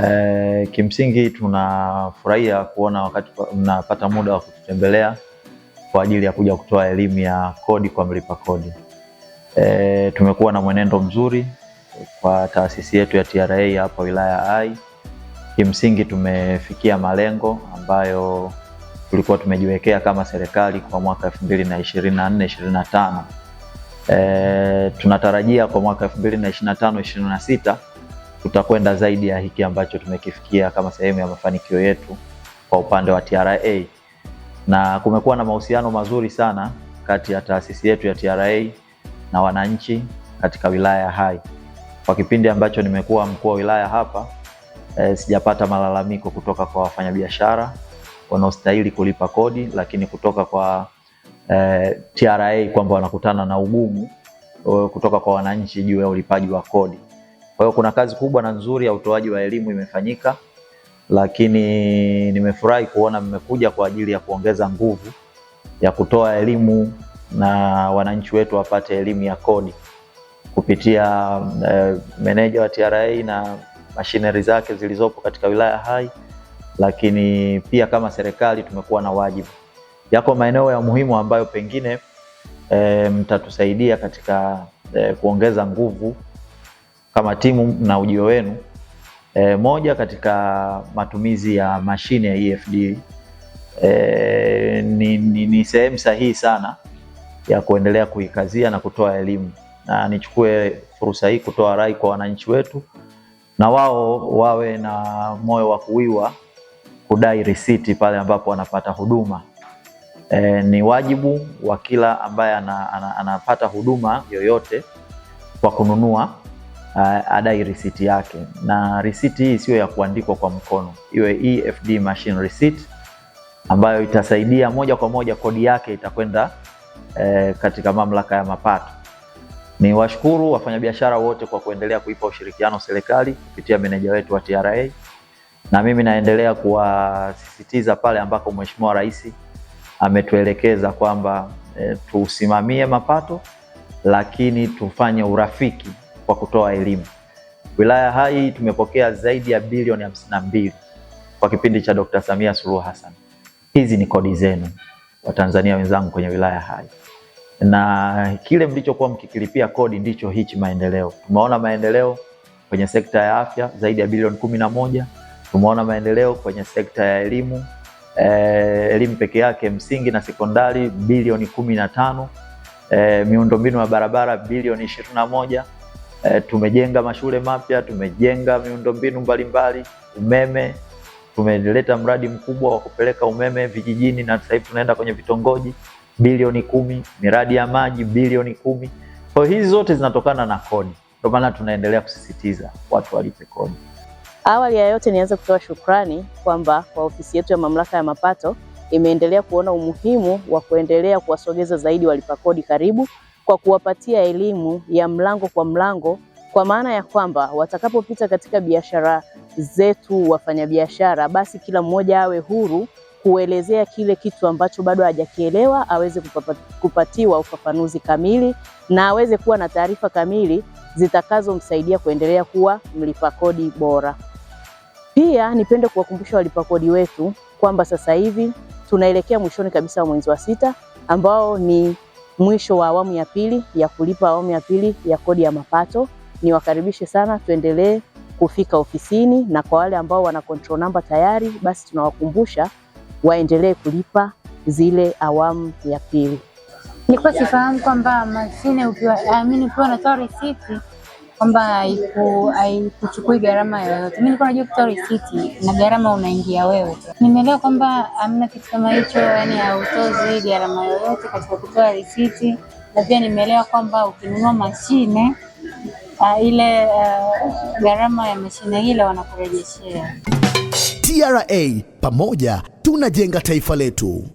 Eh, kimsingi tunafurahia kuona wakati mnapata muda wa kututembelea kwa ajili ya kuja kutoa elimu ya kodi kwa mlipa kodi. E, tumekuwa na mwenendo mzuri kwa taasisi yetu ya TRA hapa wilaya ya Hai. Kimsingi tumefikia malengo ambayo tulikuwa tumejiwekea kama serikali kwa mwaka 2024 2025. E, tunatarajia kwa mwaka 2025 2026 tutakwenda zaidi ya hiki ambacho tumekifikia kama sehemu ya mafanikio yetu kwa upande wa TRA, na kumekuwa na mahusiano mazuri sana kati ya taasisi yetu ya TRA na wananchi katika wilaya ya Hai. Kwa kipindi ambacho nimekuwa mkuu wa wilaya hapa e, sijapata malalamiko kutoka kwa wafanyabiashara wanaostahili kulipa kodi, lakini kutoka kwa e, eh, TRA kwamba wanakutana na ugumu eh, kutoka kwa wananchi juu ya ulipaji wa kodi. Kwa hiyo kuna kazi kubwa na nzuri ya utoaji wa elimu imefanyika, lakini nimefurahi kuona mmekuja kwa ajili ya kuongeza nguvu ya kutoa elimu na wananchi wetu wapate elimu ya kodi kupitia eh, meneja wa TRA na mashineri zake zilizopo katika wilaya Hai, lakini pia kama serikali tumekuwa na wajibu. Yako maeneo ya muhimu ambayo pengine eh, mtatusaidia katika eh, kuongeza nguvu kama timu na ujio wenu e, moja katika matumizi ya mashine ya EFD e, ni, ni, ni sehemu sahihi sana ya kuendelea kuikazia na kutoa elimu, na nichukue fursa hii kutoa rai kwa wananchi wetu, na wao wawe na moyo wa kuwiwa kudai risiti pale ambapo wanapata huduma. E, ni wajibu wa kila ambaye anapata huduma yoyote kwa kununua uh, adai risiti yake, na risiti hii sio ya kuandikwa kwa mkono, iwe EFD machine receipt ambayo itasaidia moja kwa moja, kodi yake itakwenda eh, katika mamlaka ya mapato. Ni washukuru wafanyabiashara wote kwa kuendelea kuipa ushirikiano serikali kupitia meneja wetu wa TRA, na mimi naendelea kuwasisitiza pale ambako Mheshimiwa Rais ametuelekeza kwamba eh, tusimamie mapato lakini tufanye urafiki kwa kutoa elimu. Wilaya Hai tumepokea zaidi ya bilioni hamsini na mbili kwa kipindi cha Dr. Samia Suluhu Hassan. Hizi ni kodi zenu Watanzania wenzangu kwenye Wilaya Hai, na kile mlichokuwa mkikilipia kodi ndicho hichi maendeleo. Tumeona maendeleo kwenye sekta ya afya zaidi ya bilioni kumi na moja. Tumeona maendeleo kwenye sekta ya elimu eh, elimu peke yake msingi na sekondari bilioni kumi na tano. Eh, miundombinu ya barabara bilioni ishirini na moja. E, tumejenga mashule mapya, tumejenga miundombinu mbalimbali, umeme. Tumeleta mradi mkubwa wa kupeleka umeme vijijini na sasa hivi tunaenda kwenye vitongoji bilioni kumi, miradi ya maji bilioni kumi. Kwa hizi zote zinatokana na kodi, ndio maana tunaendelea kusisitiza watu walipe kodi. Awali ya yote nianze kutoa shukrani kwamba kwa ofisi yetu ya Mamlaka ya Mapato imeendelea kuona umuhimu wa kuendelea kuwasogeza zaidi walipa kodi karibu kwa kuwapatia elimu ya mlango kwa mlango, kwa maana ya kwamba watakapopita katika biashara zetu wafanyabiashara, basi kila mmoja awe huru kuelezea kile kitu ambacho bado hajakielewa, aweze kupatiwa ufafanuzi kamili na aweze kuwa na taarifa kamili zitakazomsaidia kuendelea kuwa mlipa kodi bora. Pia nipende kuwakumbusha walipa kodi wetu kwamba sasa hivi tunaelekea mwishoni kabisa wa mwezi wa sita ambao ni mwisho wa awamu ya pili ya kulipa awamu ya pili ya kodi ya mapato. Niwakaribishe sana, tuendelee kufika ofisini, na kwa wale ambao wana control number tayari, basi tunawakumbusha waendelee kulipa zile awamu ya pili. Nilikuwa sifahamu kwamba mashine ukiwa, I mean, ukiwa unatoa risiti kwamba haikuchukui gharama yoyote. Mimi nilikuwa najua kutoa risiti na gharama unaingia wewe Nimeelewa kwamba hamna kitu kama hicho, yani hautozi gharama yoyote katika kutoa risiti, na pia nimeelewa kwamba ukinunua mashine uh, ile uh, gharama ya mashine ile wanakurejeshea. TRA, pamoja tunajenga taifa letu.